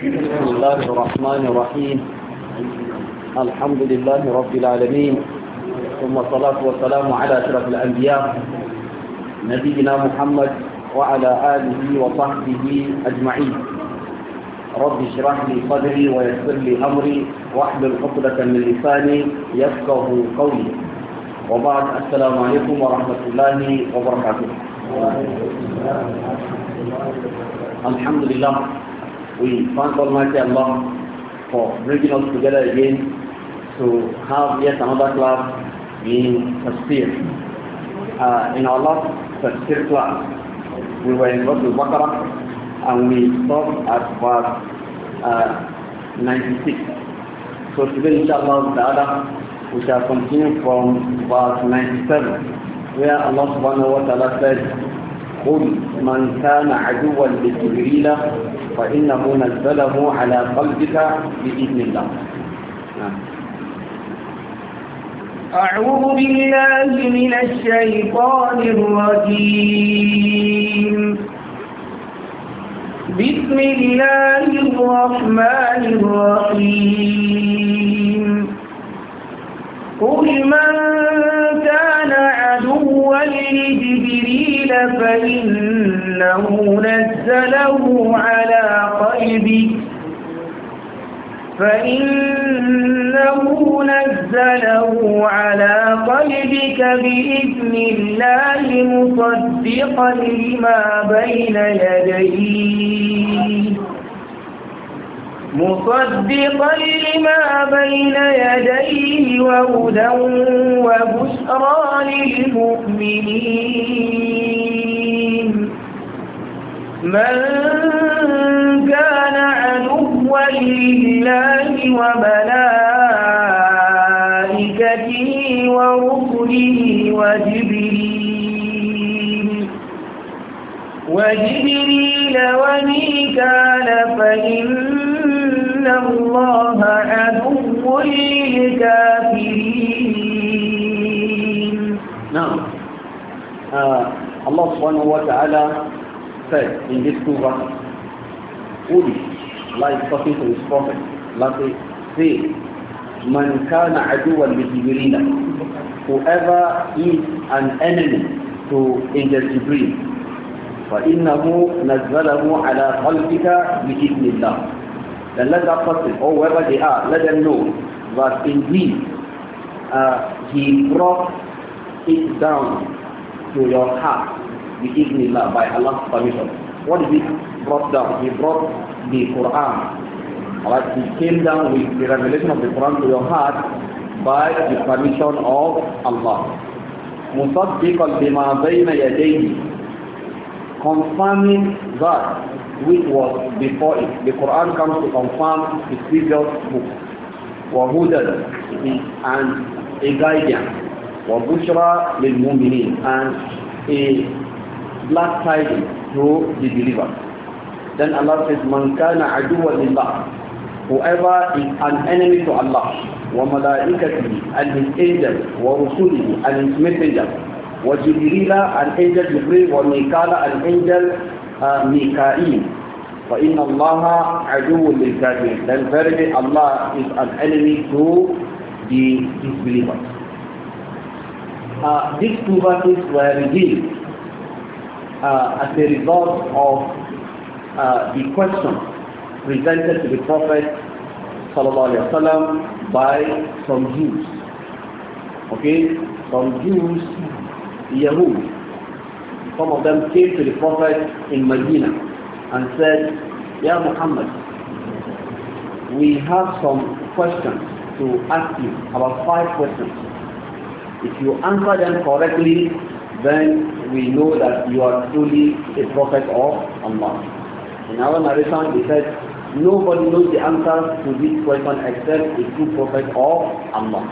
بسم الله الرحمن الرحيم الحمد لله رب العالمين ثم الصلاة والسلام على أشرف الأنبياء نبينا محمد وعلى آله وصحبه أجمعين رب اشرح لي صدري ويسر لي أمري واحلل عقدة من لساني يفقه قولي وبعد السلام عليكم ورحمة الله وبركاته الحمد لله We thank Almighty Allah for bringing us together again to have yet another class in Tafsir. Uh, in our last Tafsir class, we were in Verse Baqarah and we stopped at verse uh, 96. So today, inshallah, the other, we shall continue from verse 97, where Allah subhanahu wa ta'ala said, قل من كان عدوا لجبريل فإنه نزله على قلبك بإذن الله نعم. أعوذ بالله من الشيطان الرجيم بسم الله الرحمن الرحيم قل من كان عدوا لجبريل فإنه نزله على قلبك فإنه نزله على قلبك بإذن الله مصدقا لما بين يديه مصدقا لما بين يديه وهدى وبشرى للمؤمنين من كان عدوا لله وملائكته ورسله وجبريل وجبريل وميكال فإن إن الله عدو للكافرين نعم uh, Allah subhanahu wa ta'ala said in this surah Uli, like is talking to his prophet Allah say man kana aduwan li whoever is an enemy to Angel Jibreel فإنه نزله على قلبك بإذن الله then let that person or whoever they are, let them know that indeed uh, he brought it down to your heart the Ignillah by Allah's permission. What is it brought down? He brought the Quran. right? he came down with the revelation of the Quran to your heart by the permission of Allah. مصدقا لما بين confirming that which was before it. The Quran comes to confirm the previous book. وَهُدًى and a guidance. وَبُشْرَى and a black tidings to the believer. Then Allah says, "Man kana aduwa لِلَّهِ Whoever is an enemy to Allah, وَمَلَائِكَتِهِ and his angels, وَرُسُولِهِ and his messenger, وَجِبْرِيلَ an angel Jibreel, وَمِكَالَ an angel Mika'il. فَإِنَّ اللَّهَ عَدُوٌ لِلْكَافِرِينَ Then verily Allah is an enemy to the disbelievers. Uh, these two verses were revealed uh, as a result of uh, the question presented to the Prophet وسلم, by some Jews. Okay? Some Jews, Yahud, some of them came to the Prophet in Medina and said, Ya Muhammad, we have some questions to ask you, about five questions. If you answer them correctly, then we know that you are truly a prophet of Allah. In our narration, he said, nobody knows the answers to this question except a true prophet of Allah.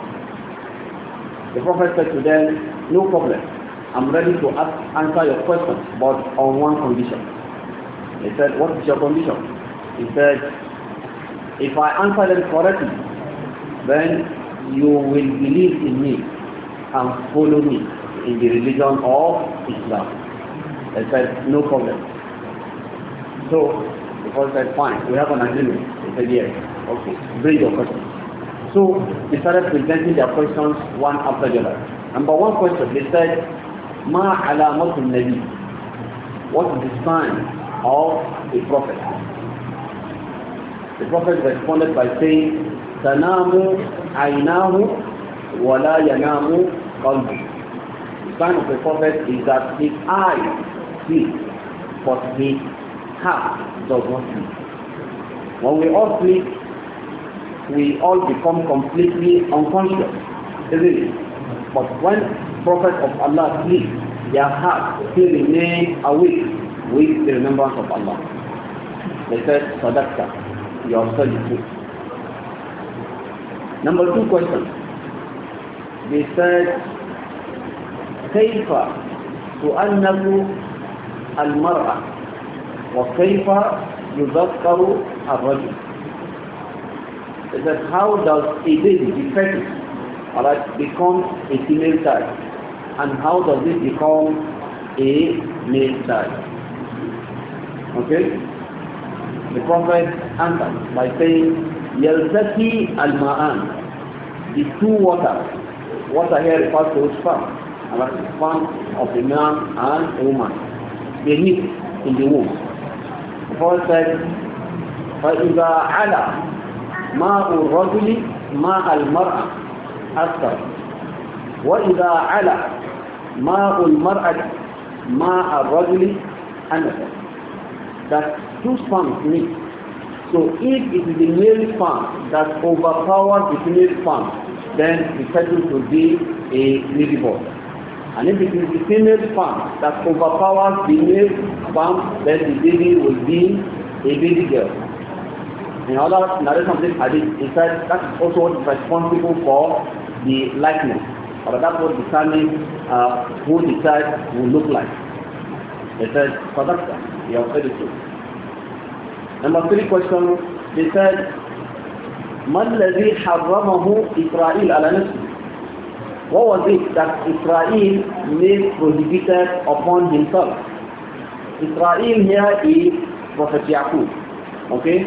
The prophet said to them, no problem. I'm ready to ask, answer your question, but on one condition. He said, what is your condition? He said, if I answer them correctly, then you will believe in me and follow me in the religion of Islam. I said, no problem. So, the first said, fine, we have an agreement. He said, yes, okay, bring your questions. So, they started presenting their questions one after the other. Number one question, they said, Ma alamatu nabi, what is the sign of a prophet the prophet responded by saying تنام عيناه ولا ينام the sign of the prophet is that his eyes see but his heart does not see when we all sleep we all become completely unconscious isn't it but when Prophet of Allah sleep, their heart still remain awake with the remembrance of Allah. They said, Sadaqta, your son." said the Number two question. They said, كيف تؤنب المرأة وكيف يذكر الرجل They said, how does a baby, the fetus, alright, become a female child? and how does it become a male child? Okay? The Prophet answered by saying, Yaltaki al-ma'an, the two waters. Water here refers to sperm, and that is sperm of a man and a woman. They meet in the womb. The Prophet said, فَإِذَا عَلَى ماء الرجل ماء المرأة أكثر وإذا على ماء المرأة ماء الرجل أنثى that two sperms meet. So if it is the male sperm that overpowers the female sperm, then the fetus will be a nudivore. And if it is the female sperm that overpowers the male sperm, then the baby will be a baby girl. In other narration of this hadith, it says that is also responsible for the likeness. Or that's what determines uh, who the child will look like. They said, Sadaqta, you have said it too. Number three question, they said, ما الذي حرمه إسرائيل على نفسه؟ What was it that Israel made prohibited upon himself? Israel here is Prophet Yaqub. Okay?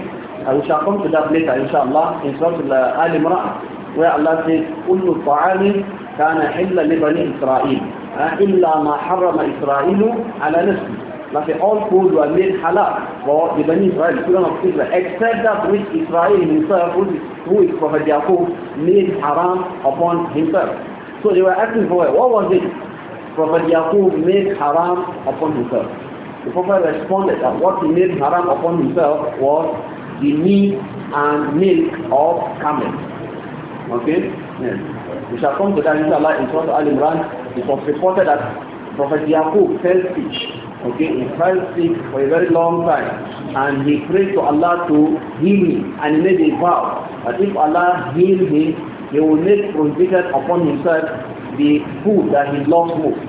I shall come to that later, inshallah, in Surah Al-Imran, where Allah says, كل طعام كان حلا لبني إسرائيل إلا ما حرم إسرائيل على نفسه لكن all food were made halal for the Bani Israel, children of Israel, except that which Israel himself, who is, who is Prophet Yaqub, made haram upon himself. So they were asking for What was it? Prophet Yaqub made haram upon himself. The Prophet responded that what he made haram upon himself was the meat and milk of camels. Okay? Yes. We shall come to that inshallah in front of Al Imran. It was reported that Prophet Yaqub fell sick. Okay, he fell sick for a very long time. And he prayed to Allah to heal him. And he made a vow that if Allah heal him, he will make prohibited upon himself the food that he loves most.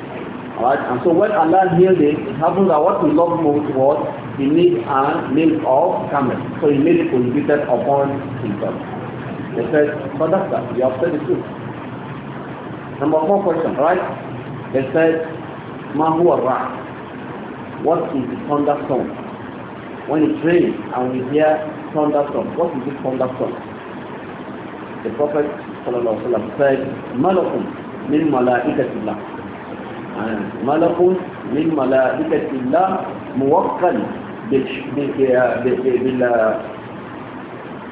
Alright, and so when Allah healed him, it happened that what he loved most was the meat and milk of camel. So he made it prohibited upon himself. They said, but you have said the truth. Number four question, right? They said, Mahu Ra. What is the thunderstorm? When it rains and we hear thunderstorm, what is this thunderstorm? The Prophet ﷺ said, Malakun min malaikatillah. And Malakun min malaikatillah muwakkal uh,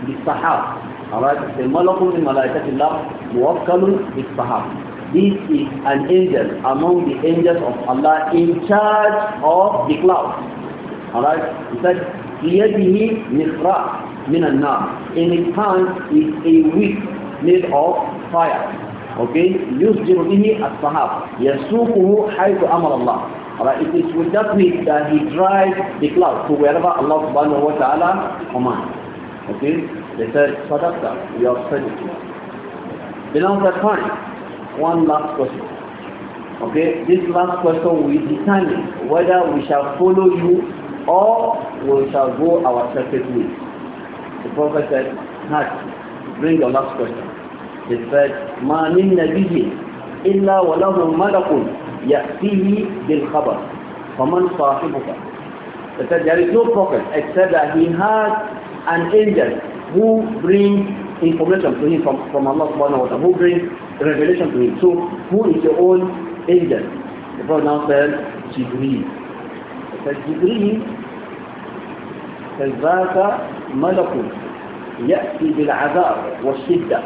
uh, sahab. alright the malakun min malaikatillah muwakkalun bil sahab this is an angel among the angels of Allah in charge of the cloud. Alright? He said, بِيَدِهِ مِخْرَى مِنَ النَّارِ In his hand is a whip made of fire. Okay? يُسْجِرُ بِهِ الصَّحَابِ يَسُوقُهُ حَيْثُ أَمَرَ اللَّهِ Alright, it is with that whip that he drives the cloud to wherever Allah subhanahu wa ta'ala commands. Okay? They said, Sadaqta, you are said it. Then on that one last question. Okay, this last question will determine whether we shall follow you or we shall go our separate ways. The Prophet said, Hajj, bring your last question. He said, مَا مِن نَبِيٍّ إِلَّا وَلَهُ yatihi يَأْتِيهِ بِالْخَبَرِ فَمَنْ صَاحِبُكَ He said, there is no prophet except that he has an angel who brings information to him from, from Allah subhanahu wa ta'ala, who brings revelation to him. So who is your own angel? The Prophet now said, Jibreel. He said, Jibreel, says, ذاك ملك يأتي بالعذاب والشدة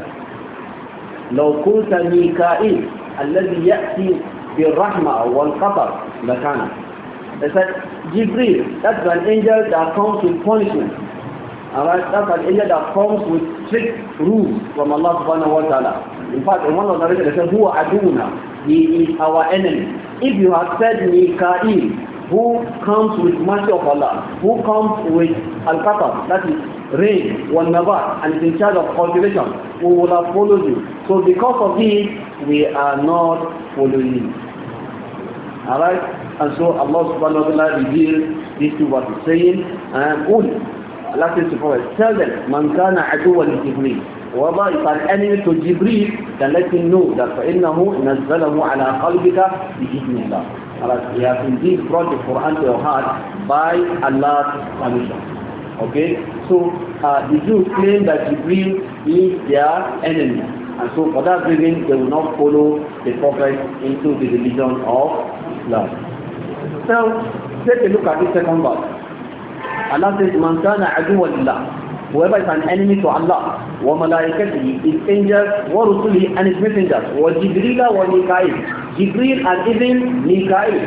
لو قلت ميكائيل الذي يأتي بالرحمة والقطر لكان. He said, Jibreel, that's an angel that comes with punishment. Alright, that's an area that comes with strict rules from Allah subhanahu wa ta'ala. In fact, in one of the verses they said, Who He is our enemy. If you have said Mika'il, who comes with mercy of Allah, who comes with al-qatar, that is rain, one nabat, and is in charge of cultivation, who will have followed you. So because of this, we are not following Alright? And so Allah subhanahu wa ta'ala reveals this to what he's saying. And Allah says to tell them, Man kana aduwa li Jibreel. Whether if an enemy to Jibreel, then let him know that فَإِنَّهُ نَزَّلَهُ عَلَىٰ قَلْبِكَ بِإِذْنِ اللَّهِ Allah, He has indeed brought the Quran to your heart by Allah's permission. Okay? So, uh, the Jews claim that Jibreel is their enemy. And so for that reason, they will not follow the Prophet into the religion of Islam. So, take a look at the second verse. Allah says, Man kana aduwallah. Whoever is an enemy to Allah, wa malaikatihi, his angels, wa rusulihi, and his messengers, wa Jibrila wa Mikail. Jibril and even Mikail.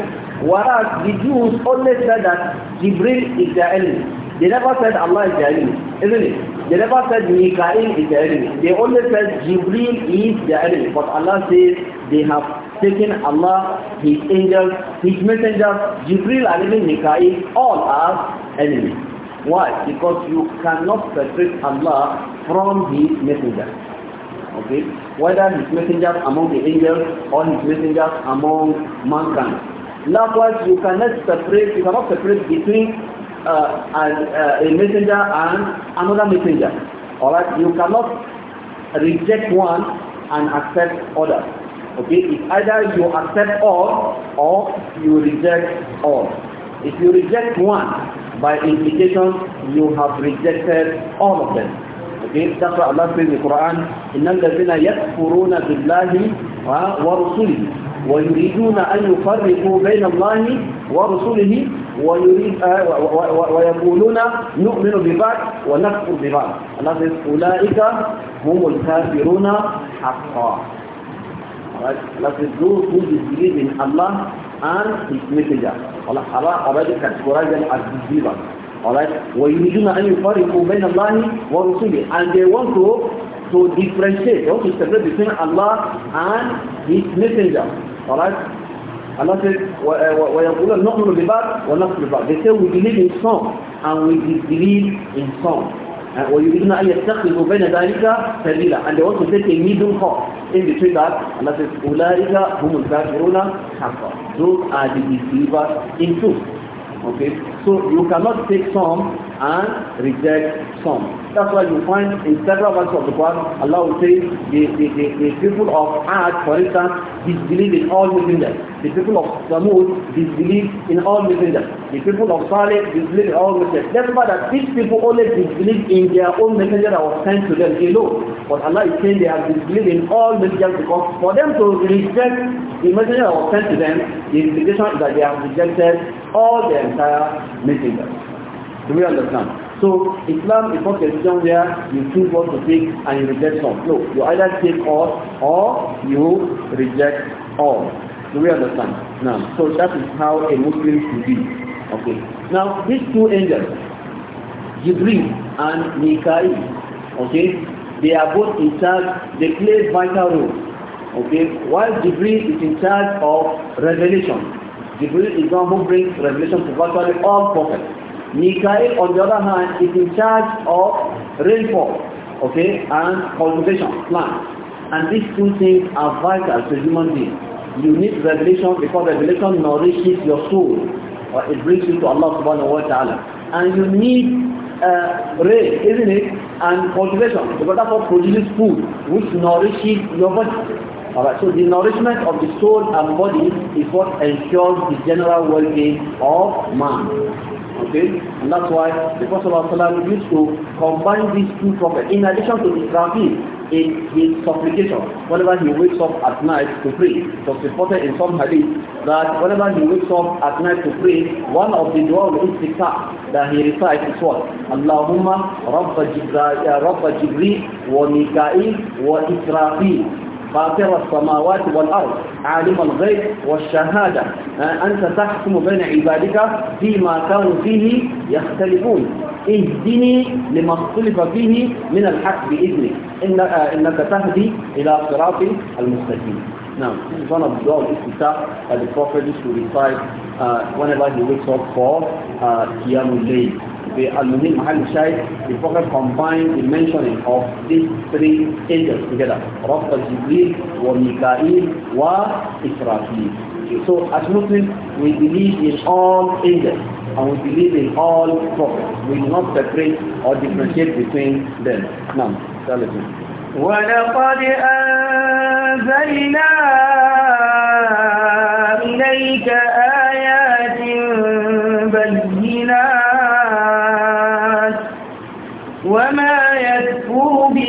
Whereas the Jews always said that Jibril is their enemy. They never said Allah is their enemy, isn't it? They never said Mikail is their enemy. They only said Jibril is their enemy. But Allah says they have taken Allah, His angels, His messengers, Jibril, Alim, Mikael, all are enemies. Why? Because you cannot separate Allah from His messenger. Okay? Whether His messengers among the angels or His messengers among mankind. Likewise, you cannot separate, you cannot separate between uh, and, uh, a messenger and another messenger. Alright? You cannot reject one and accept other. Okay, it's either you accept all or you reject all. If you reject one, by implication, you have rejected all of them. Okay, that's what Allah says in the Quran, إِنَّ الَّذِينَ يَكْفُرُونَ بِاللَّهِ وَرُسُولِهِ وَيُرِيدُونَ أَن يُفَرِّقُوا بَيْنَ اللَّهِ وَرُسُولِهِ ويريد ويقولون نؤمن ببعض ونكفر ببعض الله says أولئك هم الكافرون حقا Right? That is those who disbelieve in Allah and His Messenger. Allah Allah, already categorized them as believers. Alright? وَيُرِيدُونَ أَنْ يُفَرِّقُوا بَيْنَ اللَّهِ وَرُسُولِهِ And they want to, to differentiate, they want to separate between Allah and His Messenger. Alright? Allah says, eh, وَيَقُولَ نُؤْمِنُ بِبَعْضٍ وَنَكْفُرُ بِبَعْضٍ They say we believe in some and we disbelieve in some. ويريدون أن يتخذوا بين ذلك سبيلا and they want to take a middle course in between that and that is أولئك هم الكافرون حقا those are the deceivers in truth okay so you cannot take some and reject some. That's why you find in several verses of the Quran, Allah will say the, the, the, the people of Ad, for instance, disbelieve in all messengers. The people of Samud disbelieve in all messengers. The people of Saleh disbelieve in all messengers. That's why that these people only disbelieve in their own messenger that was sent to them alone. But Allah is saying they have disbelieved in all messengers because for them to reject the messenger that was sent to them, the implication is that they have rejected all the entire messengers. Do we understand? So Islam is not a religion where you choose what to take and you reject some. No, you either take all or you reject all. Do we understand? Now, so that is how a Muslim should be. Okay. Now, these two angels, Jibril and Mikael, okay, they are both in charge, they play vital roles. Okay, while Jibril is in charge of revelation, Jibril is the one who brings revelation to virtually all prophets. Mikael, on the other hand, is in charge of rainfall, okay, and cultivation, plants. And these two things are vital to human beings. You need revelation because revelation nourishes your soul. Or it brings you to Allah subhanahu wa ta'ala. And you need uh, rain, isn't it? And cultivation, because that's what produces food, which nourishes your body. Alright, so the nourishment of the soul and body is what ensures the general well-being of man. Okay? And that's why the Prophet ﷺ used to combine these two prophets. In addition to his rafi, in his supplication, whenever he wakes up at night to pray, it was reported in some hadith that whenever he wakes up at night to pray, one of the dua of istiqah that he recites is what? Allahumma Rabba Jibril wa Nika'il wa Israfil فاطر السماوات والأرض عالم الغيب والشهادة أنت تحكم بين عبادك فيما كانوا فيه يختلفون اهدني لما اختلف فيه من الحق بإذنك إن آه، إنك تهدي إلى صراط المستقيم Now, this is one of the dog is that the prophet used to recite uh, whenever he wakes up for uh, Qiyamul Layl. the alumin al-shayt, the Prophet combined the mentioning of these three angels together. Rabb al-Jibreel wa Mikael wa Israfil. So as Muslims, we believe in all angels and we believe in all prophets. We do not separate or differentiate between them. Now, tell us. ولقد أنزلنا إليك آية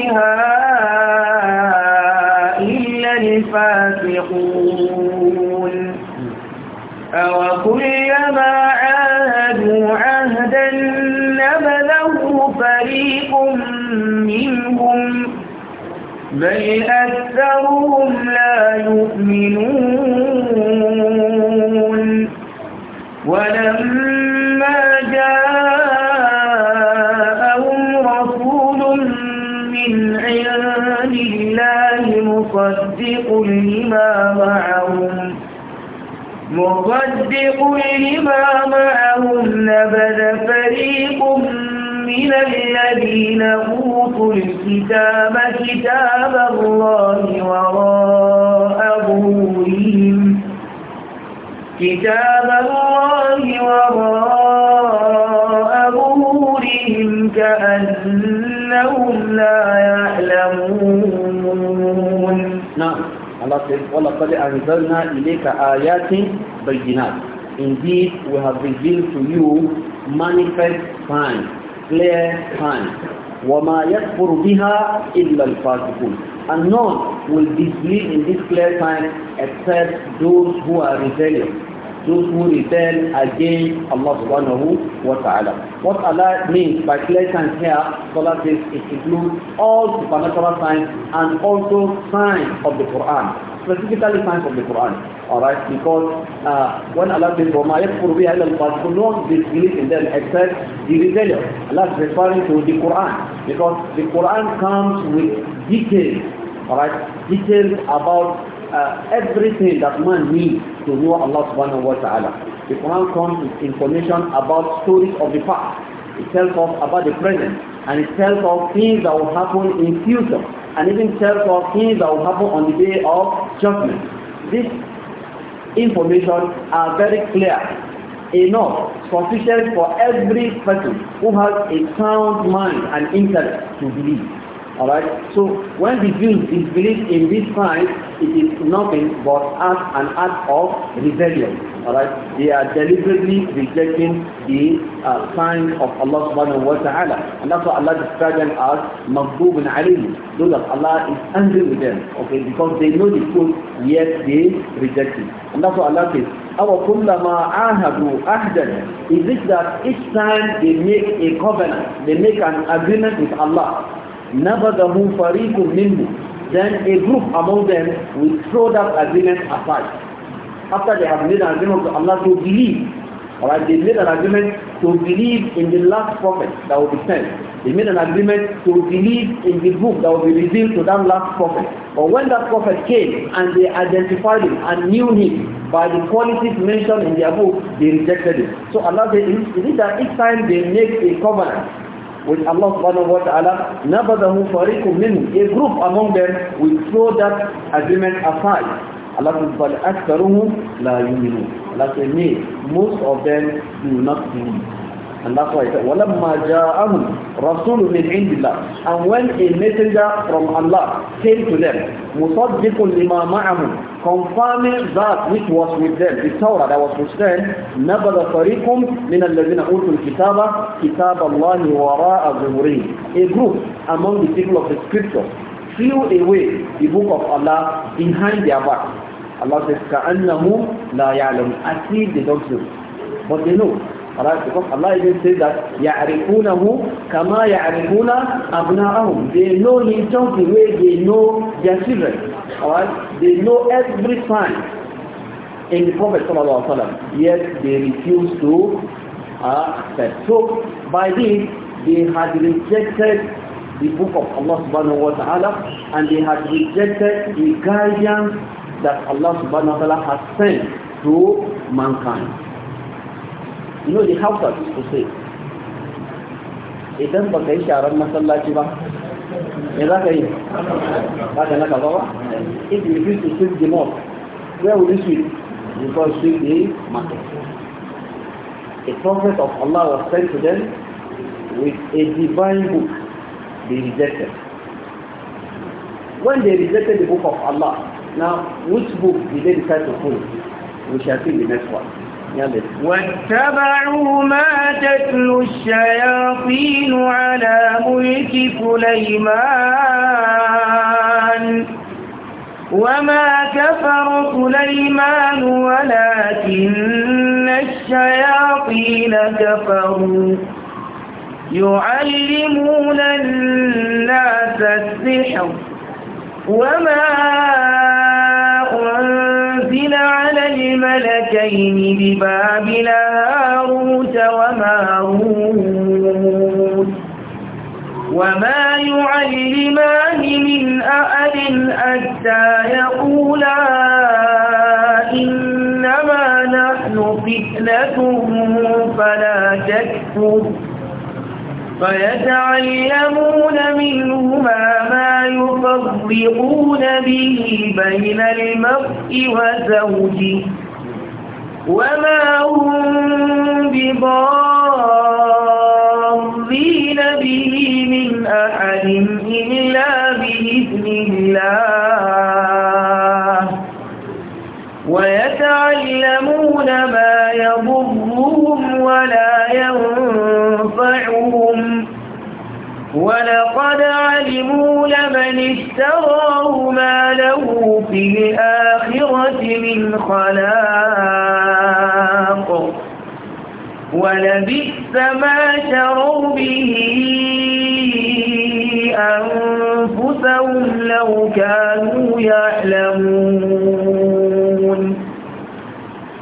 فيها إلا الفاسقون أوكلما عاهدوا عهدا نبذه فريق منهم بل أكثرهم لا يؤمنون مصدق لما معهم نبذ فريق من الذين أوتوا الكتاب كتاب الله وراء ظهورهم كتاب الله وراء ظهورهم كأنهم لا يعلمون نعم Allah says, وَلَقَدْ أَنزَلْنَا إِلَيْكَ آيَاتٍ بَيِّنَاتٍ Indeed, we have revealed to you manifest signs, clear signs. وَمَا يَكْفُرُ بِهَا إِلَّا الْفَاسِقُونَ And none will disbelieve in this clear sign except those who are rebellious those who rebel against Allah subhanahu wa ta'ala. What Allah means by clear signs here, Salah says it includes all supernatural signs and also signs of the Quran specifically signs of the Quran. Alright, because uh, when Allah says, وَمَا يَكْفُرُ بِهَا إِلَّا الْفَاسِقُونَ No one believe in them except the rebellion. Allah is referring to the Quran because the Quran comes with details, alright, details about uh, everything that man needs to know Allah subhanahu wa ta'ala. The Quran comes with information about stories of the past. It tells us about the present and it tells us things that will happen in future and even tells us things that will happen on the day of judgment. This information are very clear, enough, sufficient for every person who has a sound mind and intellect to believe. Alright? So when the Jews disbelieve in this sign, it is nothing but act an act of rebellion. Alright? They are deliberately rejecting the uh, sign of Allah subhanahu wa ta'ala. And that's why Allah described them as Maghbub and Alim. Those that Allah is angry with them. Okay, because they know the truth, yet they reject it. And that's why Allah says, أَوَ كُلَّمَا عَاهَدُوا أَحْدًا Is it that each time they make a covenant, they make an agreement with Allah, نبذه فريق منهم then a group among them will throw that agreement aside after they have made an agreement to Allah to believe alright they made an agreement to believe in the last prophet that will be sent they made an agreement to believe in the book that will be revealed to that last prophet but when that prophet came and they identified him and knew him by the qualities mentioned in their book they rejected him so Allah said it that each time they make a covenant When Allah subhanahu wa ta'ala, نَبَذَهُ فَرِيقٌ مِّنْهُمْ A group among them will throw that agreement aside. Allah says, بَلْ أَكْثَرُهُمْ لَا يُؤْمِنُونَ Allah says, nay, most of them do not believe. And that's why he said, وَلَمَّا جَاءَهُمْ رَسُولٌ مِنْ عِنْدِ اللَّهِ And when a messenger from Allah came to them, مُصَدِّقٌ لِمَا Confirming that which was with them, the Torah that was with them, نَبَذَ فَرِيقٌ مِنَ الَّذِينَ أُوتُوا الْكِتَابَ كِتَابَ اللَّهِ وَرَاءَ ظُهُرِهِمْ A group among the people of the scripture threw away the book of Allah behind their back. Allah says, كَأَنَّهُمْ لَا يَعْلَمُ As if they do But they know. Alaikum. Allah even says that يَعْرِفُونَهُ كَمَا يَعْرِفُونَ أَبْنَاءَهُم They know him just the way they know their children. Alright? They know every sign in the Prophet Sallallahu Alaihi Wasallam. Yet they refuse to uh, accept. So by this, they had rejected the book of Allah subhanahu wa ta'ala and they had rejected the guidance that Allah subhanahu wa ta'ala has sent to mankind. you know the hausa to say idan ba ka yi sharar masallaci ba me za ka yi ba ka naka ba ba if you refuse to sweep the mosque where will you sweep you sweep the market a prophet of Allah was sent to them with a divine book they rejected when they rejected the book of Allah now which book did they decide to follow we shall see the next one واتبعوا ما تتلو الشياطين على ملك سليمان وما كفر سليمان ولكن الشياطين كفروا يعلمون الناس السحر وما ملكين ببابل هاروت وماروت وما يعلمان من أحد حتى يقولا إنما نحن فتنة فلا تكفر فيتعلمون منهما ما يفرقون به بين المرء وزوجه وما هم بضارين به من أحد إلا بإذن الله ويتعلمون ما يضرهم ولا ينفعهم ولقد علموا لمن اشتراه ما له في الآخرة من خلاق ولبئس ما شروا به أنفسهم لو كانوا يعلمون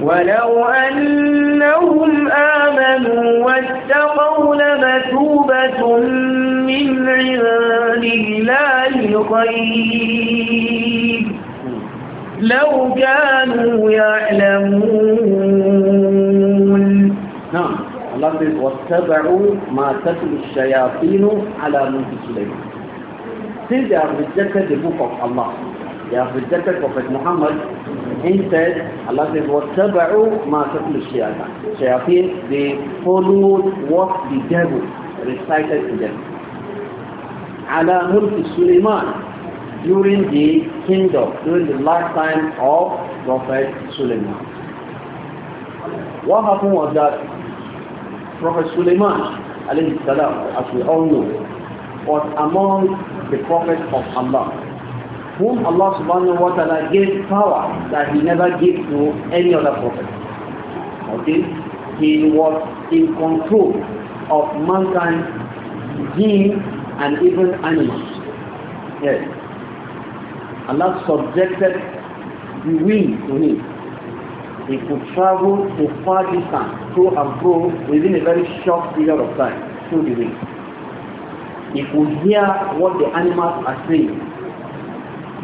ولو أنهم آمنوا عند الله خير لو كانوا يعلمون نعم الله says واتبعوا ما تتلو الشياطين على ملك سليمان Since they have rejected the book of Allah, they have rejected Prophet Muhammad, instead Allah says واتبعوا ما تتلو الشياطين Shayateen, they followed what the devil recited to them. ala Mulk Suleiman during the kingdom, during the lifetime of Prophet Suleiman. What happened was that Prophet Suleiman, alayhi salam, as we all know, was among the prophets of Allah, whom Allah subhanahu wa ta'ala gave power that he never gave to any other prophet. Okay? He was in control of mankind, jinn and even animals. Yes. Allah subjected the wind to him. He could travel to far distance, to and fro within a very short period of time through the wind. He could hear what the animals are saying.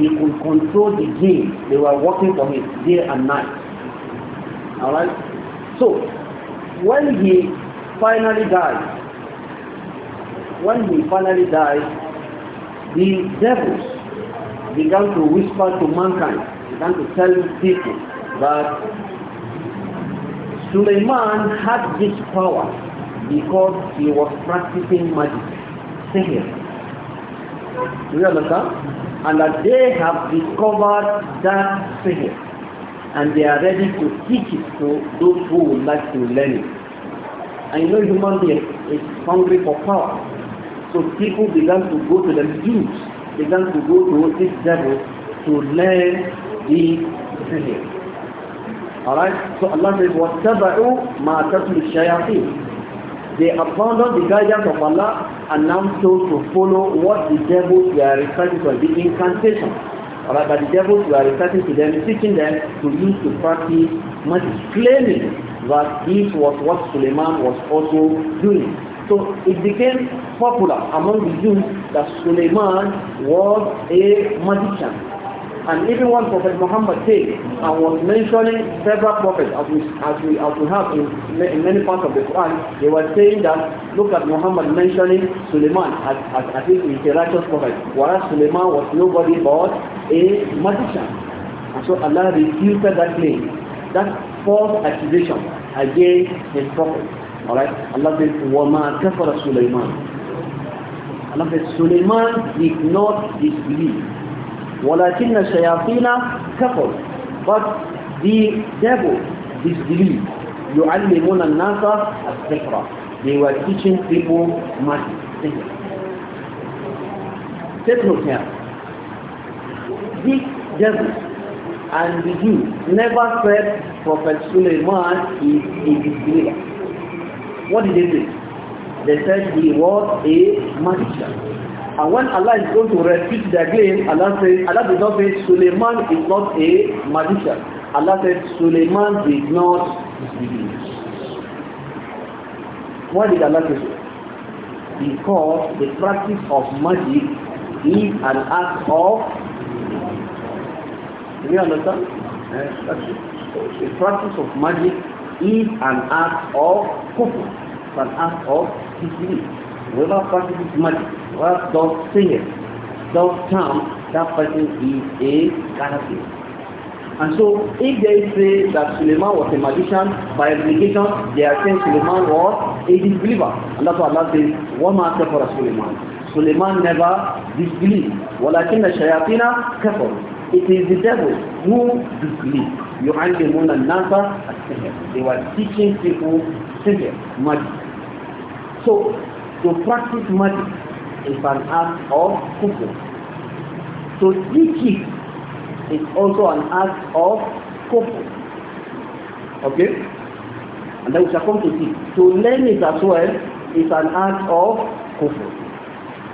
He could control the game. They were working for him day and night. Alright? So, when he finally died, when he finally died, the devils began to whisper to mankind, began to tell people that Suleiman had this power because he was practicing magic, See here, Do you understand? And that they have discovered that sihr and they are ready to teach it to those who would like to learn it. I know human being is hungry for power. So people began to go to the Jews, began to go to this devil to learn the sihr. Alright? So Allah says, وَاتَّبَعُوا مَا تَتْلُ الشَّيَاطِينَ They abandoned the guidance of Allah and now chose to follow what the devils were reciting to the incantation. Alright, but the devils were reciting to them, teaching them to use to practice magic, claiming that this was what Suleiman was also doing. So it became popular among the Jews that Suleiman was a magician. And even when Prophet Muhammad said and was mentioning several prophets as we, as we, as we have in, in many parts of the Quran, they were saying that look at Muhammad mentioning Suleiman as, as, as if he's a righteous prophet, whereas Suleiman was nobody but a magician. And so Allah refuted that claim, that false accusation against his prophet. Alright? Allah says, وَمَا كَفَرَ سُلَيْمَانِ Allah says, Sulaiman did not disbelieve. وَلَكِنَّ الشَّيَاطِينَ كَفَرُ But the devil disbelieved. يُعَلِّمُونَ النَّاسَ السِّحْرَ They were teaching people magic. Take note here. The devil and the Jews never said Prophet Suleiman is a disbeliever. What did they say? They said he was a magician. And when Allah is going to refute their claim, Allah says, Allah did not say Suleiman is not a magician. Allah said Suleiman did not disbelieve. Why did Allah say so? Because the practice of magic is an act of do you understand? Yes, that's it. The practice of magic is an act of kufr. But an act of disbelief. Whoever practices magic, whoever does singer, does come. that person is a kafir. And so, if they say that Suleiman was a magician, by implication, they are saying Suleiman was a disbeliever. And that's why Allah says, وَمَا كَفَرَ سُلَيْمَانَ Suleiman never disbelieved. وَلَكِنَّ الشَّيَاطِينَ كَفَرُوا it is the devil who disbelieved. يُعَلِّمُونَ النَّاسَ السِّحْرَ They were teaching people sihr, magic. So, to practice magic is an act of kufr. To eat is also an act of kufr. Okay? And then we shall come to see. To learn it as well is an act of kufr.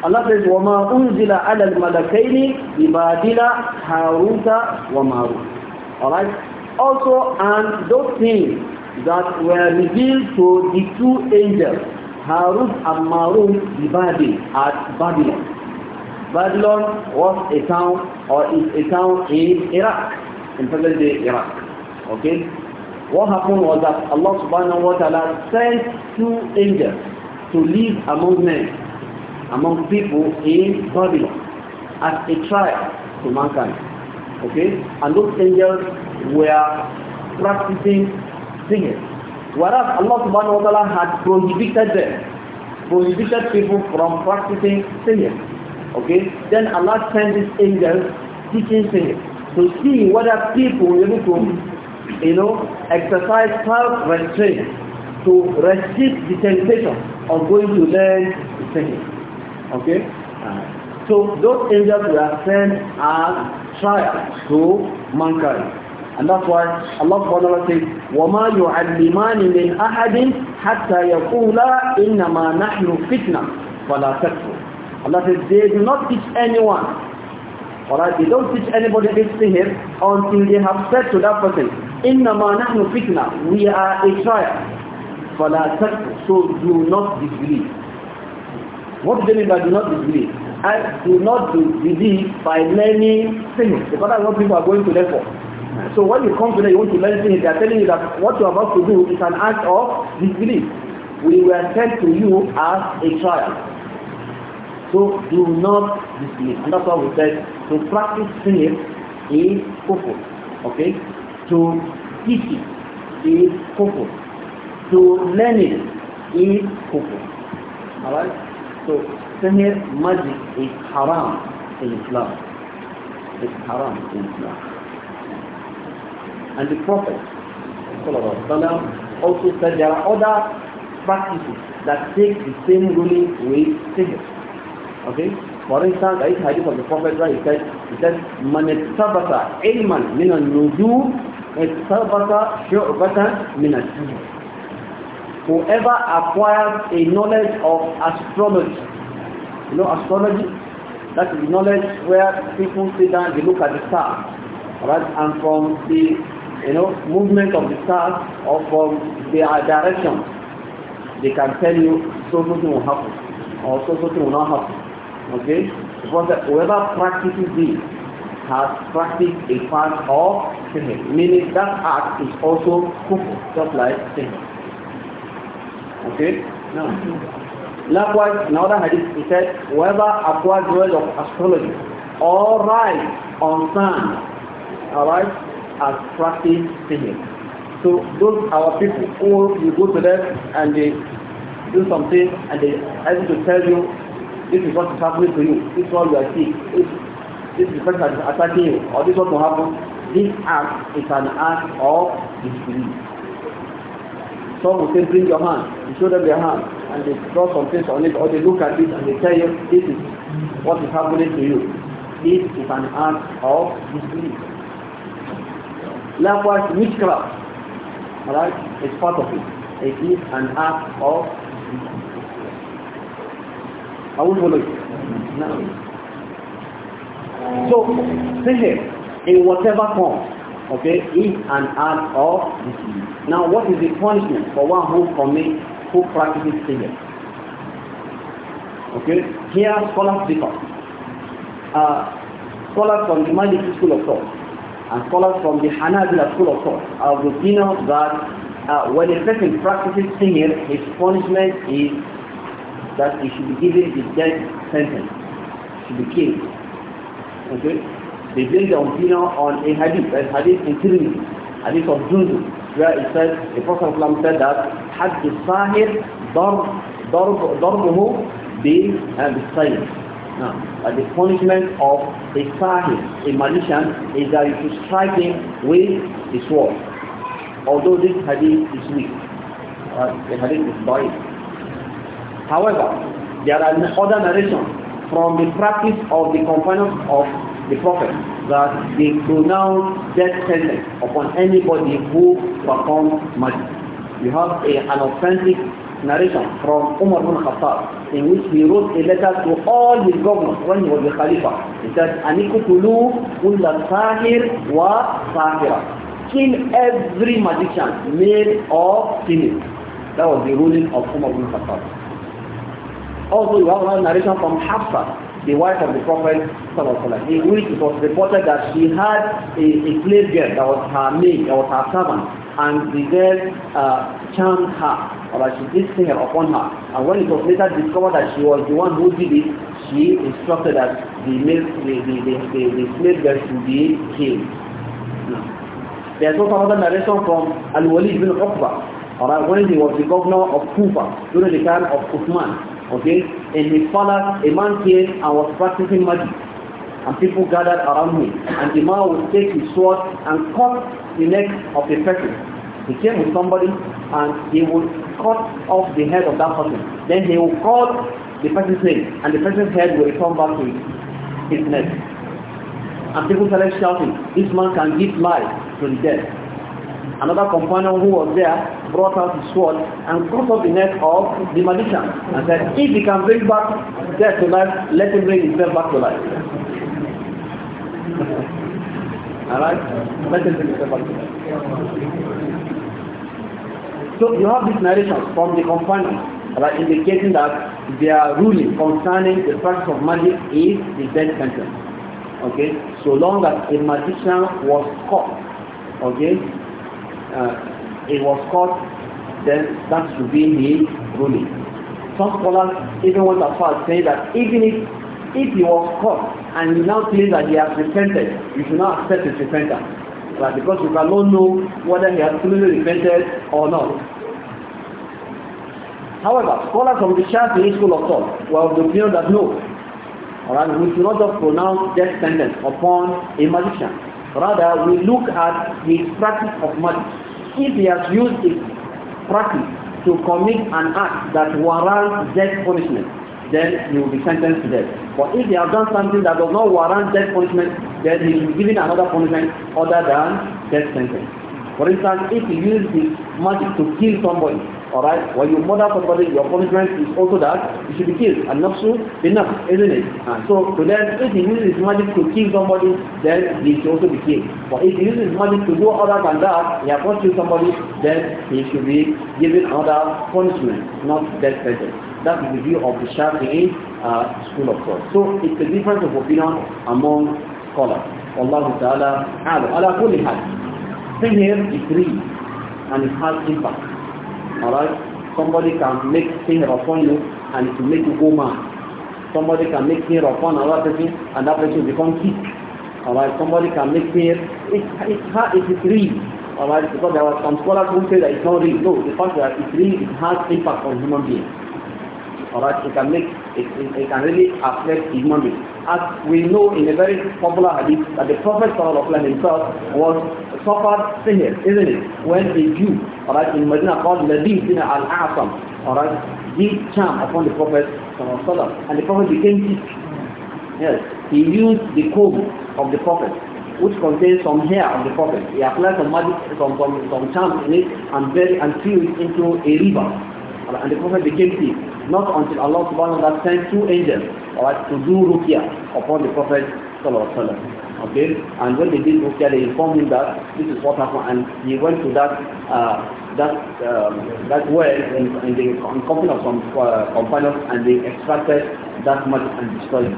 Allah says, وَمَا أُنزِلَ عَلَى الْمَلَكَيْنِ بِبَادِلَ هَارُوتَ وَمَارُوتَ Alright? Also, and those things that were revealed to the two angels, Harun and Marun at Babylon. Babylon was a town or is a town in Iraq, in present day Iraq. Okay? What happened was that Allah subhanahu wa ta'ala sent two angels to live among men, among people in Babylon, as a trial to mankind. Okay? And those angels were practicing singing. Whereas Allah subhanahu wa ta'ala had prohibited them, prohibited people from practicing sinning. Okay? Then Allah sent his angels teaching singing to see whether people were able to, you know, exercise self-restraint to resist the temptation of going to learn singing. Okay? So those angels were sent as trials to mankind. And that's why Allah subhanahu wa ta'ala says, وَمَا يُعَلِّمَانِ مِنْ أَحَدٍ حَتَّى يَقُولَا إِنَّمَا نَحْنُ فِتْنَةً فَلَا تَكْفُرْ Allah says, they do not teach anyone. Alright, they don't teach anybody this sihr until they have said to that person, إِنَّمَا نَحْنُ فِتْنَةً We are a trial. فَلَا تَكْفُرْ So do not disbelieve. What do they do not disbelieve? I do not believe by learning things. Because that's of people are going to therefore So when you come to them, you want to learn things, they are telling you that what you are about to do is an act of disbelief. We were sent to you as a child. So do not disbelieve. And that's why we said to practice faith is kufur. Okay? To teach it is kufur. To learn it is kufur. Alright? So here magic is haram in Islam. It's haram in Islam. And the Prophet also said there are other practices that take the same ruling with sihr. Okay? For instance, I hadith from the Prophet he said, he said, من اتبت علما من النجوم اتبت شعبة من السجن. Whoever acquires a knowledge of astrology, you know astrology? That is knowledge where people sit down, they look at the stars, right? And from the you know, movement of the stars or from their direction, they can tell you so something will happen or so something will not happen. Okay? Because whoever practices this has practiced a part of sihr, meaning that act is also kufr, just like sihr. Okay? Now, likewise, in another hadith, he said, whoever acquires knowledge of astrology or on sun, alright, as practice singing. So those our people who you go to them and they do something and they have to tell you this is what is happening to you, this is what you are seeing, this, this is the person that is attacking you, or this is what will happen. This act is an act of disbelief. Some will say bring your hand, you show them their hand, and they draw some things on it, or they look at it and they tell you this is what is happening to you. This is an act of disbelief. Likewise, witchcraft, alright, it's part of it. It is an act of I will follow you. No. So, sihr, in whatever form, okay, is an act of disbelief. Now, what is the punishment for one who commits, who practices sihr? Okay, here scholars differ. Uh, scholars from the Maliki school of thought and scholars from the Hanabila school of thought are the opinion that uh, when a person practices singing, his punishment is that he should be given the death sentence, should be killed. Okay? They build the opinion on a hadith, a hadith in Tirmidhi, hadith of Jundu, where it says, the Prophet said that, حَدِّ الصَّاهِرْ ضَرْبُهُ sahir. Now, uh, the punishment of a sahib, a magician, is that you should strike him with the sword. Although this hadith is weak, uh, the hadith is biased. However, there are other narrations from the practice of the companions of the Prophet that they pronounce death sentence upon anybody who performs magic. You have a, an authentic narration from Umar bin Khattab in which he wrote a letter to all the governors when he was the Khalifa. He said, Anikutulu ulla sahir wa sahira. Kill every magician, male or female. That was the ruling of Umar bin Khattab. Also, we have another narration from Hafsa, the wife of the Prophet in which it was reported that she had a, a slave girl that was her maid, that was her servant. and the girl uh, charmed her, or she did thing upon her. And when it was later discovered that she was the one who did it, she instructed that the male, the, the, the, the, the slave girl should be killed. There's also another narration from Al-Walid ibn Uqba, alright, when he was the governor of Kufa during the time of Uthman, okay, in his palace, a man came and was practicing magic and people gathered around him. And the man would take his sword and cut the neck of the person. He came with somebody and he would cut off the head of that person. Then he would cut the person's name and the person's head will return back to his neck. And people started shouting, this man can give life to the dead. Another companion who was there brought out his sword and cut off the neck of the magician and said, if he can bring back death to life, let him bring himself back to life. Alright? So you have this narration from the companion right, indicating that their ruling concerning the practice of magic is the death sentence. Okay? So long as a magician was caught, okay, uh, it was caught, then that should be his ruling. Some scholars even went as far as saying that even if if he was caught and he now claims that he has repented, you should not accept his repentance. Right? Because you cannot know whether he has truly repented or not. However, scholars from the Shafi'i school of thought were of the opinion that no. right? we should not just pronounce death sentence upon a magician. Rather, we look at his practice of magic. If he has used his practice to commit an act that warrants death punishment, then he will be sentenced to death. But if he has done something that does not warrant death punishment, then he will be given another punishment other than death sentence. For instance, if you use the magic to kill somebody, alright, when you murder somebody, your punishment is also that you should be killed. And not so enough, isn't it? And so to them, if he uses his magic to kill somebody, then he should also be killed. But if he uses magic to do other than that, he has not killed somebody, then he should be given another punishment, not death sentence. That is the view of the Shafi'i uh, school of thought. So it's a difference of opinion among scholars. Allah Ta'ala, ala kulli hal. Thing real and it has impact. Alright? Somebody can make thing upon you and it will make you go mad. Somebody can make thing upon another person and that person become sick. Alright? Somebody can make thing, it, it, it is real alright? Because there are some scholars who say that it's not real. No, the fact that it's real, it has impact on human beings. Alright, it can make, it, it, can really affect human As we know in a very popular hadith that the Prophet himself was suffered sihr, isn't it? When a Jew, alright, in Medina called Ladid bin al-Asam, alright, did charm upon the Prophet and the Prophet became sick. Yes, he used the comb of the Prophet which contains some hair of the prophet. He applied some magic, some, some, some charm in it and, buried, and threw it into a river. Right? And the Prophet became sick. Not until Allah subhanahu wa ta'ala sent two angels right, to do ruqya upon the Prophet sallallahu alaihi wasallam. Okay? And when they did ruqya, they informed him that this is what happened and he went to that uh, that um, that well in, in the in company of some uh, companions and they extracted that much and destroyed it.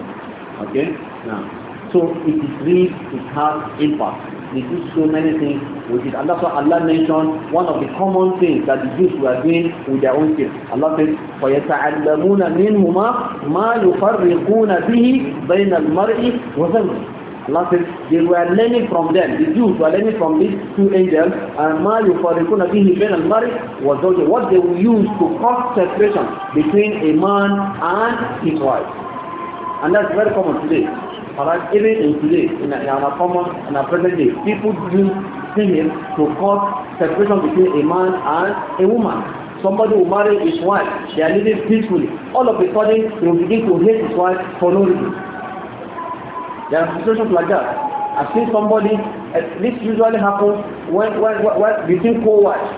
Okay? Now. So it is real, it has impact. They do so many things with it. And that's why Allah mentioned one of the common things that the Jews were doing with their own kids. Allah says, فَيَتَعَلَّمُونَ مِنْهُمَا مَا يُفَرِّقُونَ بِهِ بَيْنَ الْمَرْءِ وَزَوْجِهِ Allah says, they were learning from them. The Jews were learning from these two angels. And uh, ma yufarikuna bihi bain al-mari was what they will use to cause separation between a man and his wife. And that's very common today. Alright, even in today, in a, in a common, in a present day, people use female to cause separation between a man and a woman. Somebody who marry his wife, they are living peacefully. All of a sudden, he will begin to hate his wife for no reason. There are situations like that. I've seen somebody, uh, this usually happens when, when, when, when between co-wives,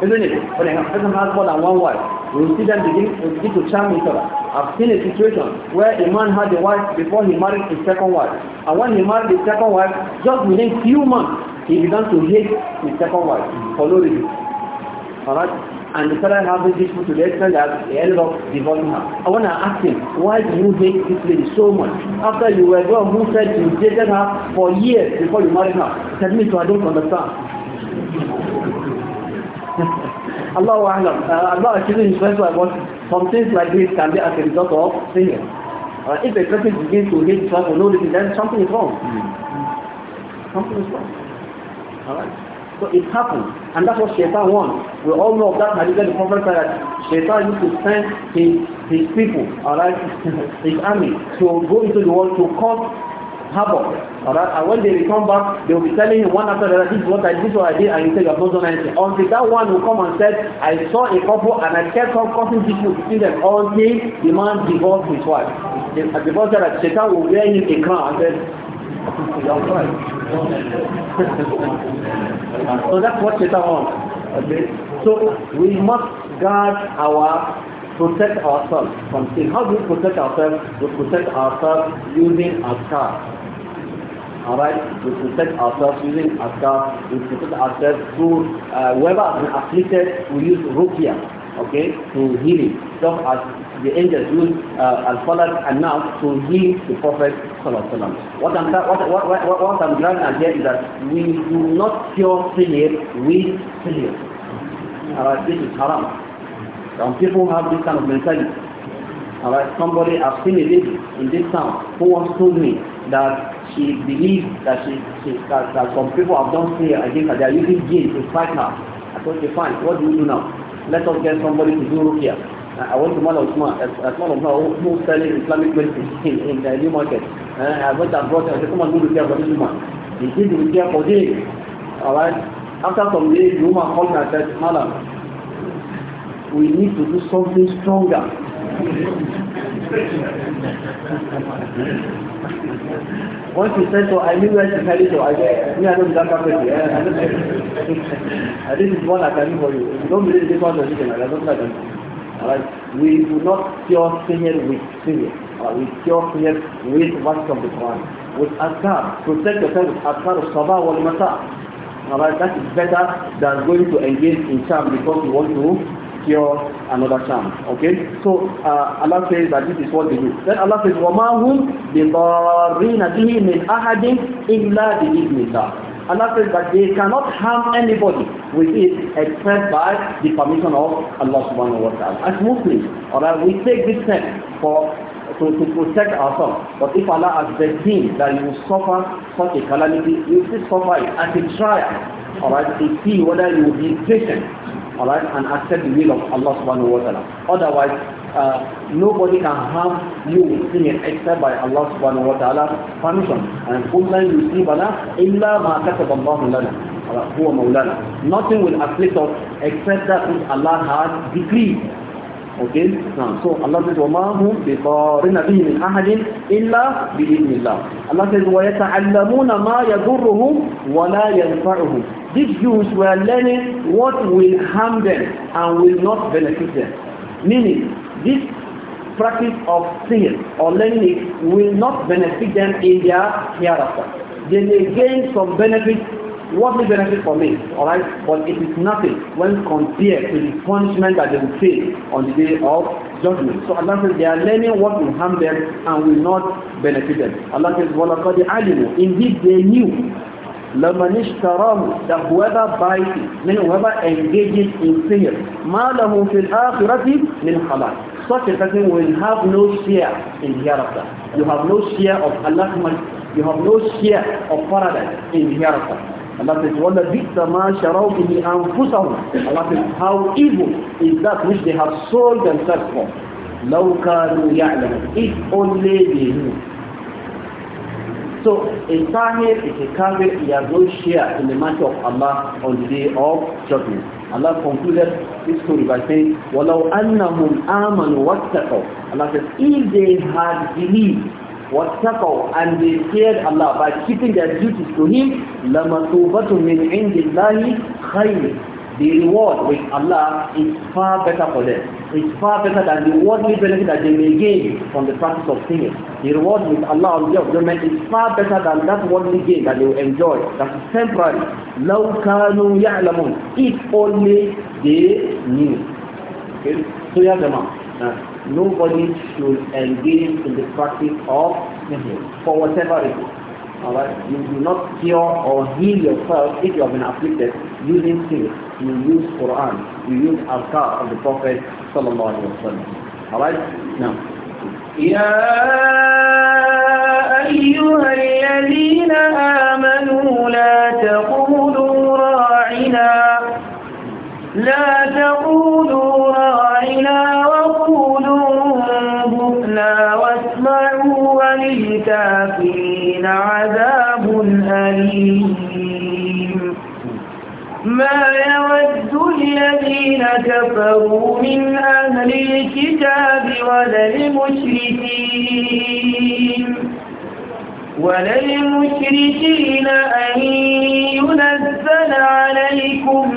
isn't it? When a person has more than one wife, we will see them begin, begin to charm each other. I've seen a situation where a man had a wife before he married his second wife. And when he married his second wife, just within few months, he began to hate his second wife for no reason. Alright? And he started having this to the extent that he ended up divorcing her. I want to ask him, why do you hate this lady so much? After you were the one who said you dated her for years before you married her. He said, me so I don't understand. Allah Alam. Uh, I'm not accusing his husband, but some things like this can be as a result of sin. Uh, if a person begins to hate himself for no reason, then something is wrong. Hmm. Something is wrong. Alright? So it happened. And that's what Shaitan wants. We all know of that hadith that the Prophet said that Shaitan used to send his, his people, alright, his army, to go into the world to cause havoc. Alright, and when they come back, they will be telling him one after the other, this is what I did, this what I did, and you say you have not done anything. Until that one will come and said, I saw a couple and I kept on causing people between them until the man divorced his wife. The, uh, the divorce said that Satan will wear him a crown and said, so that's what Satan wants. Okay? So we must guard our protect ourselves from sin. How do we protect ourselves? We protect ourselves using our car alright? We protect ourselves using askar, we protect ourselves through uh, whoever has been afflicted, we use ruqya, okay, to heal it. Just as the angels use uh, al-falak and now to heal the Prophet what I'm, what, what, what, what I'm driving at here is that we do not cure failure with failure. Alright, this is haram. Some people have this kind of mentality. Alright, somebody, I've seen a lady in this town who once told me that she believes that she, she that, that some people have done prayer against her. They are using gin to fight her. I thought, okay, fine, what do we do now? Let us get somebody to do rukia. I went to one of my one of my who selling Islamic medicine in, in the new market. Uh, I went and brought her, I said, come and do rukia for this woman. He did rukia for days. Alright, after some days, the woman called me and said, Madam, we need to do something stronger once you said so, I knew where to carry so I said, me, I don't jump up with you. This is what I can do for you. If you don't believe this one, then you can, I don't like it. Alright, we do not cure singer with singer. Uh, we cure singer with what's from the Quran. With Azkar, protect yourself with Azkar of Sabah wal Masa. Alright, that is better than going to engage in charm because you want to secure another chance. Okay? So uh, Allah says that this is what they do. Then Allah says, وَمَا هُمْ بِضَارِّينَ بِهِ مِنْ أَحَدٍ إِلَّا بِإِذْنِ اللَّهِ Allah says that they cannot harm anybody with it except by the permission of Allah subhanahu wa ta'ala. As Muslims, alright, we take this step for to, to protect ourselves. But if Allah has destined that you will suffer such a calamity, you will still suffer it as a trial. Alright, to see whether you will be patient alright, and accept the will of Allah subhanahu wa ta'ala. Otherwise, uh, nobody can harm you in it except by Allah subhanahu wa ta'ala permission. And Qullan yusibana illa ma bana." lana. Huwa maulana. Nothing will afflict us except that which Allah has decreed. Okay? Now, so Allah says, وَمَا هُمْ بِقَارِنَ بِهِ مِنْ أَحَدٍ إِلَّا بِإِذْنِ اللَّهِ Allah says, وَيَتَعَلَّمُونَ مَا يَضُرُّهُمْ وَلَا يَنْفَعُهُمْ These Jews were learning what will harm them and will not benefit them. Meaning, this practice of sin or learning it will not benefit them in their hereafter. They may gain some benefit, What worldly benefit for me, All right, but it is nothing when compared to the punishment that they will face on the day of judgment. So Allah says they are learning what will harm them and will not benefit them. Allah says, وَلَقَدْ عَلِمُوا Indeed they knew لمن اشتراه that whoever buys it meaning whoever engages in sihr ما له في الآخرة من خلاق such a person will have no share in the hereafter you have no share of Allah you have no share of paradise in the hereafter Allah says وَلَا بِئْتَ مَا شَرَوْا بِهِ أَنفُسَهُمْ Allah says how evil is that which they have sold themselves for لَوْ كَانُوا يَعْلَمُونَ if only they knew So a sahib is a We are going to share in the matter of Allah on the day of judgment. Allah concluded this story by saying, "Wala'u annahum aman وَاتَّقَوْا Allah says, if they had believed وَاتَّقَوْا and they feared Allah by keeping their duties to Him, لَمَتُوبَةٌ مِنْ عِنْدِ اللَّهِ خَيْرٍ the reward with Allah is far better for them. It's far better than the worldly benefit that they may gain from the practice of sinning. The reward with Allah on the day judgment is far better than that worldly gain that they will enjoy. That is temporary. لَوْ كَانُوا يَعْلَمُونَ If only they knew. Okay? So you have the mark. Uh, nobody should engage in the practice of singing for whatever reason. Alright? You do not cure or heal yourself if you have been afflicted using faith, you use Quran, you use Azkar of the Prophet sallallahu alaihi wasallam. Alright? Now. يا أيها الذين آمنوا لا تقولوا راعنا لا تقولوا راعنا وقولوا انظرنا واسمعوا وللكافرين عذاب أليم ما يود الذين كفروا من أهل الكتاب ولا المشركين ولا المشركين أن ينزل عليكم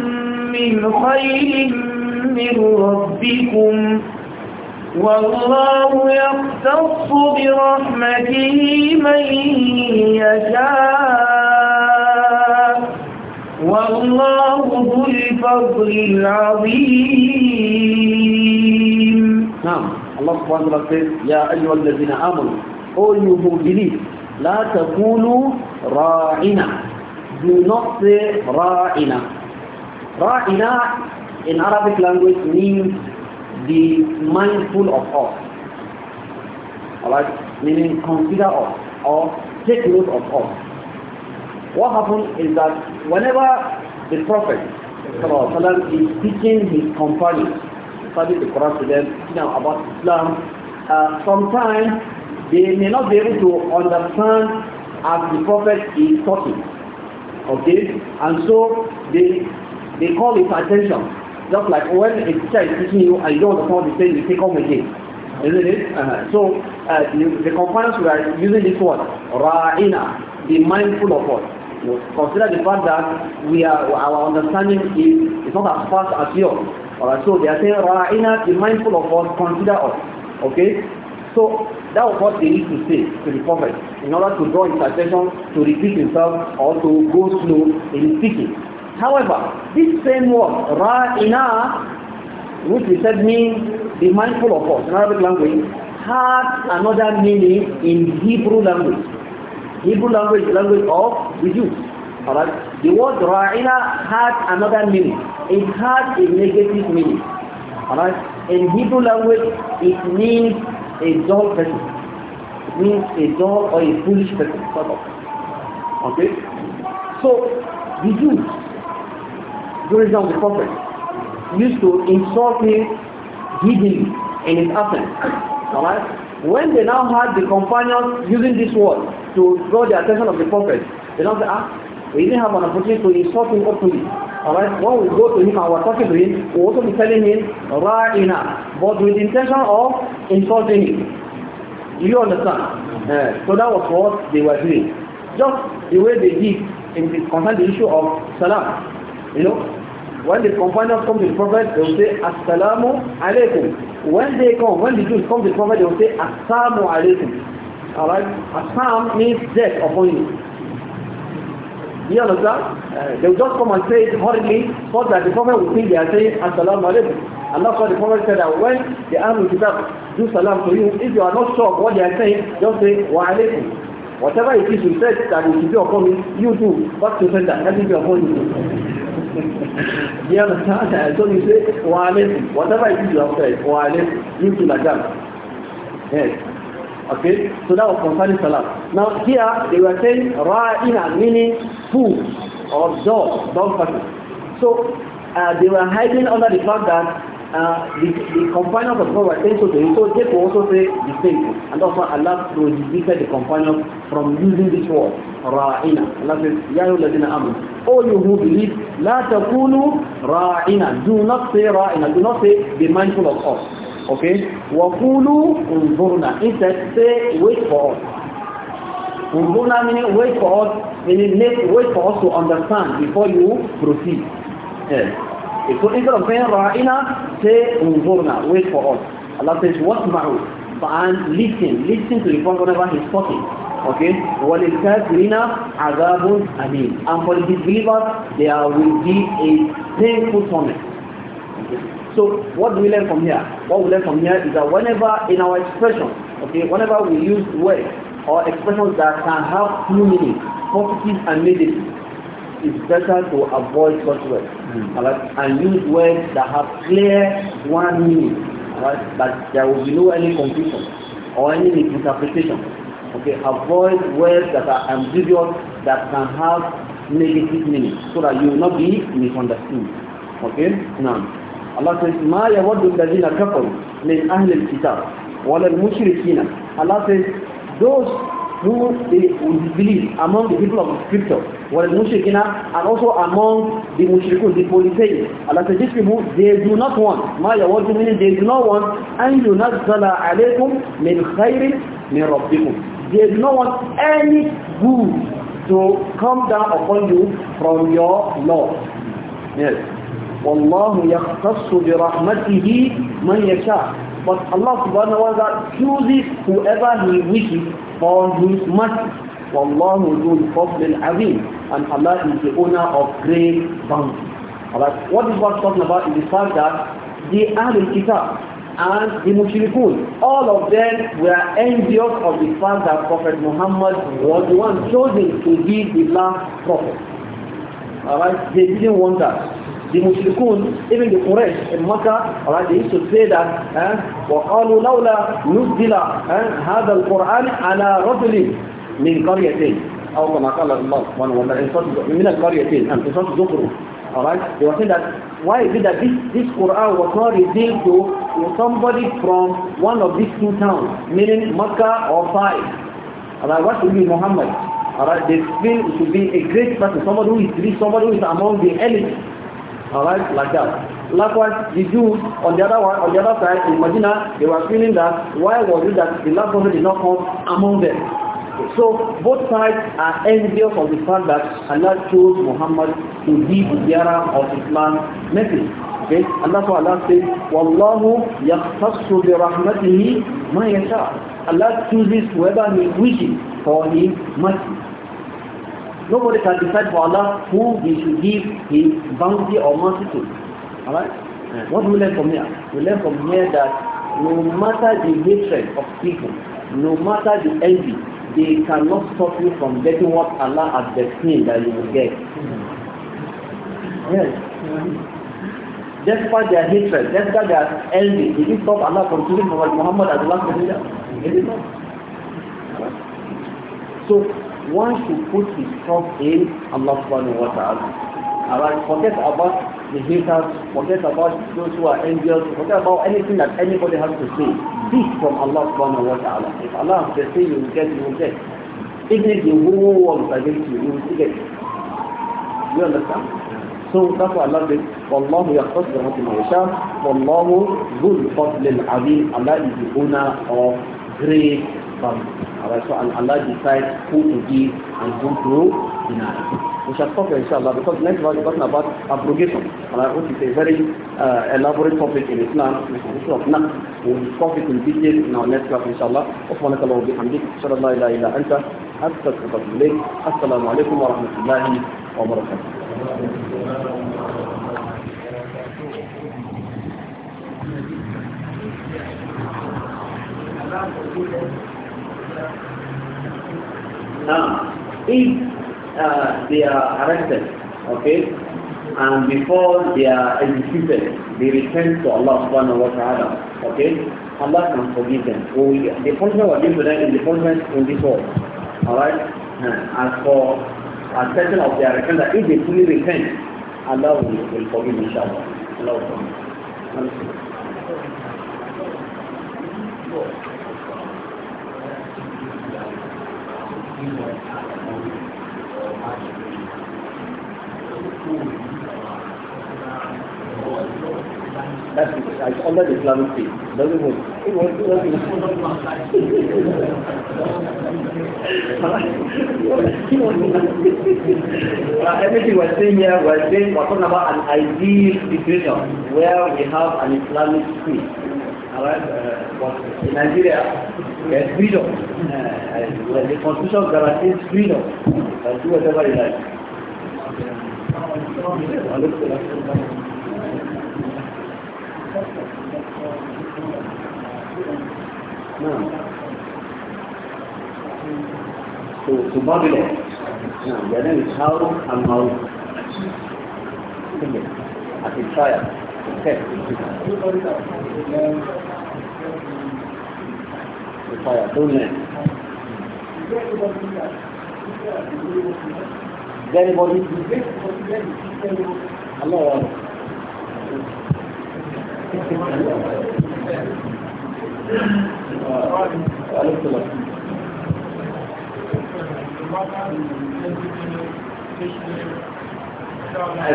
من خير من ربكم والله يختص برحمته من يشاء والله ذو الفضل العظيم نعم الله سبحانه وتعالى يا أيها الذين آمنوا all you who believe لا تقولوا راعنا do not say ra'ina ra'ina in Arabic language means be mindful of us alright meaning consider us or take note of us what happened is that whenever the Prophet is teaching his companions, studying the Quran to them, you know, about Islam, uh, sometimes they may not be able to understand as the Prophet is talking. Okay? And so they they call his attention. Just like when a teacher is teaching you and you don't understand what he's saying, you come again. Isn't it? Uh -huh. So uh, the, the companions were using this word, ra'ina, be mindful of us. consider the fact that we are, our understanding is, is not as fast as yours. Alright, so they are saying, Ra'ina, be mindful of us, consider us. Okay? So that was what they need to say to the prophet in order to draw his attention to repeat himself or to go slow in speaking. However, this same word, Ra'ina, which we said means be mindful of us in Arabic language, has another meaning in Hebrew language. Hebrew language, language of the Jews. Alright? The word Ra'ina has another meaning. It has a negative meaning. Alright? In Hebrew language, it means a dull person. It means a dull or a foolish person, sort of. Okay? So, the Jews, during the prophet, used to insult him hiddenly in his absence. Alright? When they now had the companions using this word to draw the attention of the prophet, they now say, ah, we didn't have an opportunity to insult him openly. Alright, when we go to him and we're talking to him, we'll also be telling him, Ra'ina, but with the intention of insulting him. Do you understand? Yeah. Mm-hmm. so that was what they were doing. Just the way they did in the, concern the issue of salam. You know, When the companions come to the Prophet, they will say, Assalamu alaikum. When they come, when the Jews come to the Prophet, they will say, Assalamu alaikum. Alright? Assam means death upon you. You understand? Uh, they will just come and say it hurriedly so that the Prophet will think they are saying, Assalamu alaikum. And that's why the Prophet said that when the Ahlul Kitab do salam to you, if you are not sure of what they are saying, just say, Wa alaikum. Whatever it is you said that you should be upon me, you do. What to send that, let it be upon you. you understand? So you say, Wa'alim, whatever it is you have said, Wa'alim, you to like that. Yes. Okay, so that was concerning Salah. Now here they were saying Ra'ina meaning food or dog, dog person. So uh, they were hiding under the fact that uh, the, the companion of the Prophet said so to him, so they also say the same thing. And also Allah prohibited the companion from using this word, Ra'ina. Allah says, Ya yuladina amun. All you who believe, La takunu Ra'ina. Do not say Ra'ina. Do not say, be mindful of us. Okay? Wa Wakulu unzurna. Instead, say, wait for us. Unzurna meaning wait for us, meaning wait for us to understand before you proceed. Yes. If instead of saying ra'ina, say unzurna, wait for us. Allah says, wasma'u, and listen, listen to the point whenever he's talking. Okay? وَلِلْكَافِرِينَ عَذَابٌ أَلِيمٌ And for the disbelievers, there will be a painful torment. Okay? So, what do we learn from here? What we learn from here is that whenever in our expression, okay, whenever we use words or expressions that can have two meanings, positive and negative, it's better to avoid such words mm. right? and use words that have clear one meaning right? that there will be no any confusion or any misinterpretation okay avoid words that are ambiguous that can have negative meaning so that you will not be misunderstood okay now Allah says ما يود الذين كفروا من أهل الكتاب ولا المشركين Allah says those who they believe among the people of the scripture Mushrikina and also among the mushrikun, the polytheists. Allah said, these people, they do not want, ما warn meaning they do not want أن ينزل عليكم من خير من ربكم. They do not want any good to come down upon you from your Lord. Yes. والله يختص برحمته من يشاء but Allah subhanahu wa ta'ala chooses whoever he wishes for his mercy Wallahu dhul fadlil azim. And Allah is the owner of great bounty. Alright, what is what talking about is the fact that the Ahlul Kitab and the Mushrikun, all of them were envious of the fact that Prophet Muhammad was the one chosen to be the last prophet. Alright, they didn't want that. The Mushrikun, even the Quraysh in Makkah, alright, they used to say that, eh, وَقَالُوا لَوْلَا نُزِّلَ eh, هَذَا الْقُرْآنِ عَلَى رَجُلٍ من قريتين أو كما قال الله سبحانه وتعالى من القريتين and in Alright, they were saying that why is it that this, this Quran was not revealed to, somebody from one of these two towns, meaning Mecca or Fai. Alright, what should be Muhammad? Alright, they feel it should be a great person, somebody who is rich, somebody who is among the elite. Alright, like that. Likewise, the Jews on the other one, on the other side in Medina, they were feeling that why was it that the last prophet did not come among them? So both sides are envious of the fact that Allah chose Muhammad to be the bearer of Islam's message. Okay? Allah Ta'ala says, وَاللَّهُ يَخْتَصُّ بِرَحْمَتِهِ مَا يَشَاءُ Allah chooses whoever He wishes for His mercy. Nobody can decide for Allah who He should give His bounty or mercy to. Alright? What do we learn from here? We learn from here that no matter the hatred of people, no matter the envy, they cannot stop you from getting what Allah has destined that you will get. Yes. Despite their hatred, despite their envy, did it stop Allah from choosing Muhammad as the last messenger? Did So one should put his trust in Allah subhanahu wa ta'ala. Alright, forget about the haters, forget about those who are angels, forget about anything that anybody has to say. This from Allah subhanahu wa ta'ala. If Allah has to say you will get, you will get. Even if the whole world is against you, you will still get You understand? So that's why Allah says, وَاللَّهُ يَخْتَصْ بِرَحْمَةِ مَا يَشَاءُ وَاللَّهُ ذُو الْفَضْلِ الْعَظِيمِ Allah is the owner of great fun. Alright, so Allah decides who to give and who to deny. We shall stop here, inshallah, because next verse is talking about abrogation. And I hope it's a very uh, elaborate topic in Islam, which is the issue of nafs. We will discuss it in detail in our next class, inshallah. سبحانك Allah وبحمدك أشهد أن لا ila إلا أنت أستغفرك وأتوب إليك السلام عليكم ورحمة الله وبركاته. Now, if Uh, they are arrested, okay, and before they are executed, they return to Allah subhanahu wa ta'ala, okay, Allah can forgive them. So the punishment was given to them in the punishment in alright. Uh, as for a certain of their return, if they fully repent, Allah will, will forgive inshallah. Allah will forgive. Thank you. That's I under that Islamic state. Doesn't work. It won't do nothing. uh, everything we're saying here, we're saying we're talking about an ideal situation where we have an Islamic state. Alright, uh, in Nigeria, there's freedom. Uh, the constitution guarantees freedom. Uh, do whatever you like. نعم في باب نعم لأنني يتحاوروا عن معروف في الشايع كيف؟ الشايع دون نعم Then what is this? Allah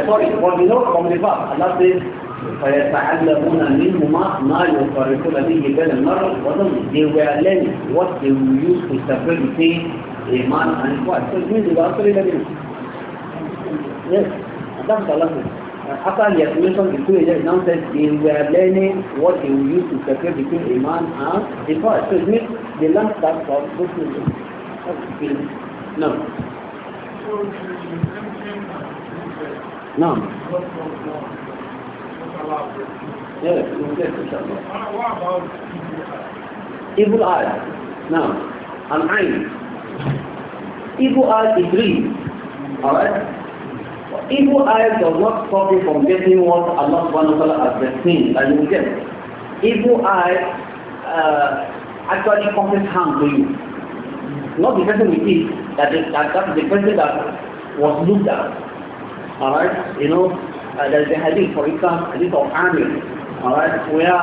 Sorry, what we know from the past, Allah says, فيتعلمون منهما ما يفرقون به بين المرء وظنه they were learning what they will use to separate between a man and wife so it means the answer is Yes, that's the last After the explanation, the two agents now said they were learning what they will use to separate between a man and the God. So it means they learned that from those two agents. No. No. Yes, yes, inshallah. What about evil eye? Now, an eye. Evil eye is real. Alright? Evil eyes does not stop you from getting what Allah subhanahu wa ta'ala has destined that you will get. Evil eye uh, actually causes harm to you. Not the person with it, that is that, is that that is the person that was looked at. Alright? You know, uh, there's a hadith, for example, hadith of Amir, alright, where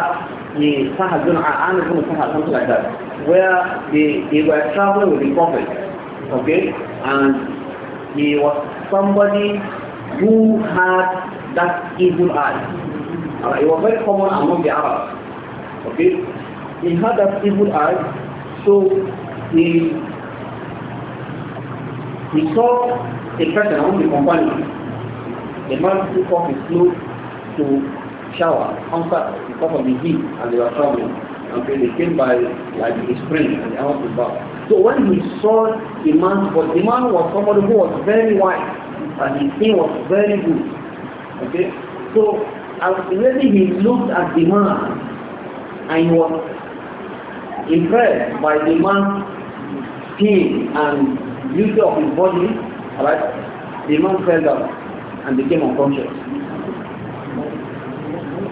the Sahab bin uh, Amir bin Sahab, something like that, where they, they were traveling with the Prophet, okay, and he was somebody who had that evil eye. Uh, it was very common among the Arabs. Okay? He had that evil eye, so he, he saw a person among the company. a man took off his clothes to shower outside because of the heat and they were traveling. Okay, they came by like his spring and they wanted to bath. So when he saw the man, but the man was somebody who was very white, and his thing was very good. Okay? So already he looked at the man and was impressed by the man's skin and beauty of his body, right? The man fell down and became unconscious.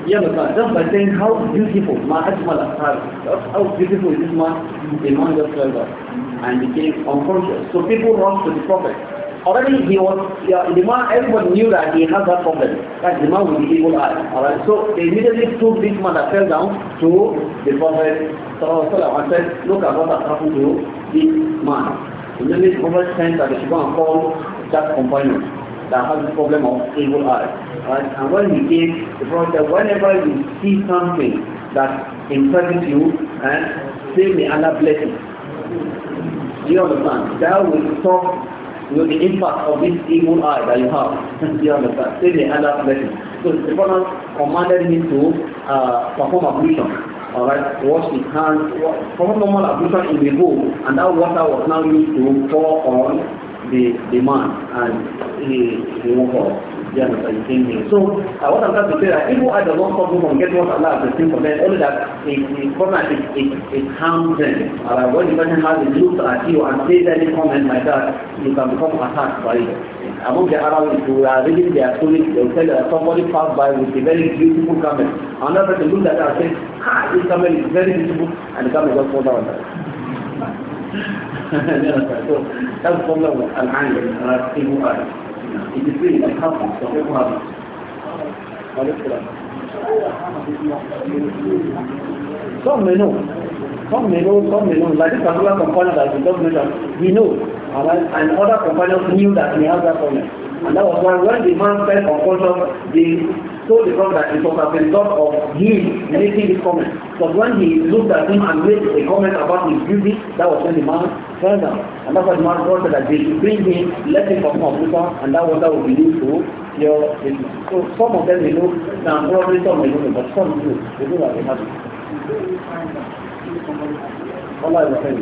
You understand? Just by saying how beautiful, my Ajmal how beautiful is this man, the man just fell down and became unconscious. So people rushed to the prophet already he was, yeah, the man, everyone knew that he has that problem. That the man with the evil eye. Alright, so they immediately took this man that fell down to the Prophet and said, look at what has happened to this man. And then this Prophet sent that they should go call that companion that has the problem of evil eye. Alright, and when he came, the Prophet said, whenever you see something that impresses you, and eh, say may Allah bless you. Do you understand? That will stop you know, the impact of this evil eye that you have. you understand? Say the Allah's blessing. So the Prophet commanded him to uh, perform ablution. Alright, wash his hands, perform normal ablution in the bowl, and that water was now used to pour on the, the man and he, he won't fall you understand me? So uh, what I'm trying to say that people are the ones who from get what Allah has destined for them, only that it, it, it, it, it harms them. Uh, when the person has it looks at you and says any comment like that, you can become attacked by it. Among the Arabs who are reading their stories, they'll tell that somebody passed by with a very beautiful comment. Another person looks at that and says, ah, this comment is very beautiful, and the comment just falls down. so that's the problem with Al-Angel, people are. It is really that happens. So people have it. Some may know. Some may know, some may know. Like this particular component that the government, we know. And other components knew that we have that problem. And that was why when the man fell unconscious, they told the prophet that it was as a result of him making this comment. But when he looked at him and made a comment about his beauty, that was when the man fell down. And that's why the man brought that they should bring him, let him perform Abdullah, and that water will be used to cure business. So some of them they know, now probably some they know, but some do. They do that they have it. Allah is a friend.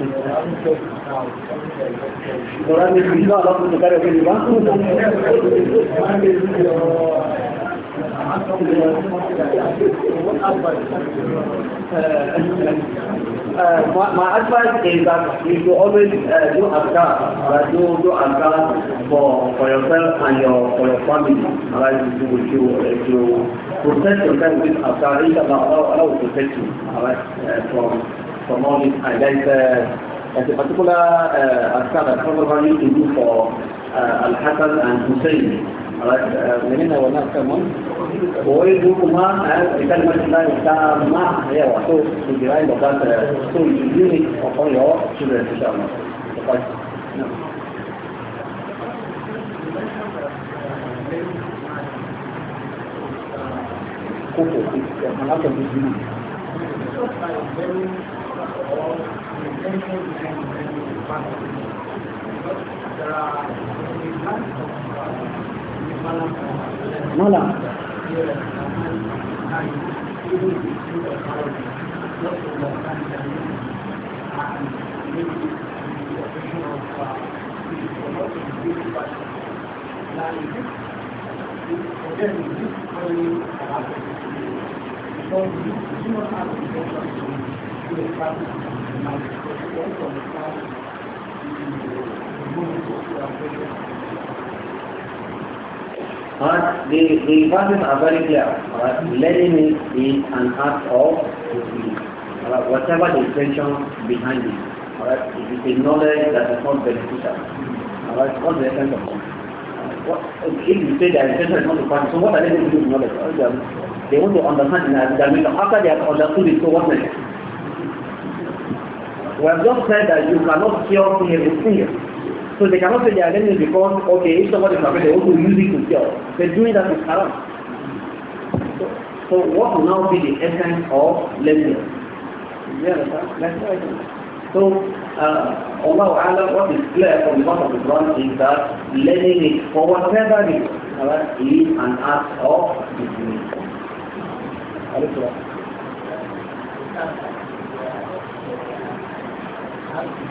Quran Uh, my, my advice is that you should always uh, do adhkar, right? do, do adhkar for, for yourself and your, for your family, right? You, you, uh, you protect yourself with adhkar, how how will protect you, alright, uh, from for knowledge and there is a, there's a particular uh, askar that probably is good for uh, Al-Hassan and Hussein مننا والناس كمان ويجوكما بكلمة الله تعالى مع هي وحصول في الجرائم وقالت حصول الجيني وقال يا شكرا إن شاء الله Thank you. or the Because there are the of the Mala. and even if it's of the and maybe the operation of not but this, because you do not have the intention to but the, the verses are very clear. Uh, letting be an act of belief. Uh, whatever the intention behind it. Alright, it is a knowledge that is not beneficial. Alright, what's the essence of it? What, if you say the intention is not to find, so what are they going to do with knowledge? They want to understand in academic. After they have understood it, so what next? We have just said that you cannot cure sin a sin. So they cannot say they are learning because, okay, if somebody is afraid, they also use it to cure. They're doing that is haram. So, so what will now be the essence of learning? You understand? That's what I think. So, uh, Allah Ta'ala, what is clear from the Mouth of the Quran is that learning is for whatever it is, right, is an act of disbelief. Thank you.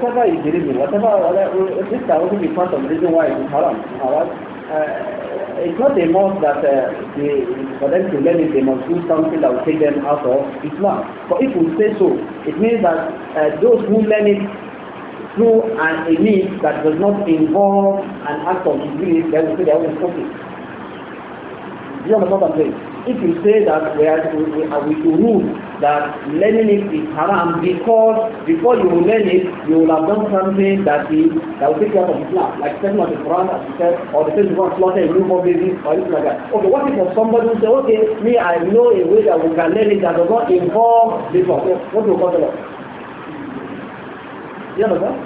whatever is illegal, whatever, whatever this can also be part of the reason why it's haram. Right? Uh, it's not a must that uh, they, for them to learn it, they must do something that will take them out of Islam. But if we say so, it means that uh, those who learn it through an, a means that does not involve an act of disbelief, they will say they are own it. Do you understand what I'm saying? if you say that we are, we are rule that learning it is haram because before you learn it, you will have done something that is that will take you out of Islam, like setting of the Quran, as you said, or the person who wants slaughter a newborn baby, or anything like that. Okay, what if somebody say, okay, me, I know a way that we can learn it that does not involve this one. What do you call that? You understand?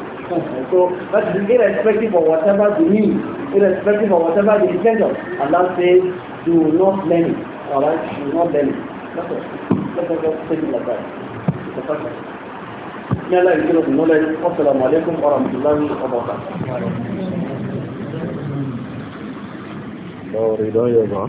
So that's irrespective of whatever the need, irrespective of whatever the intention. Allah says, do not learn it. All right, she is not bending. That's all. That's all. Just take it like that. It's a perfect. May Allah give us knowledge. Assalamu alaikum wa rahmatullahi wa barakatuh. Lord,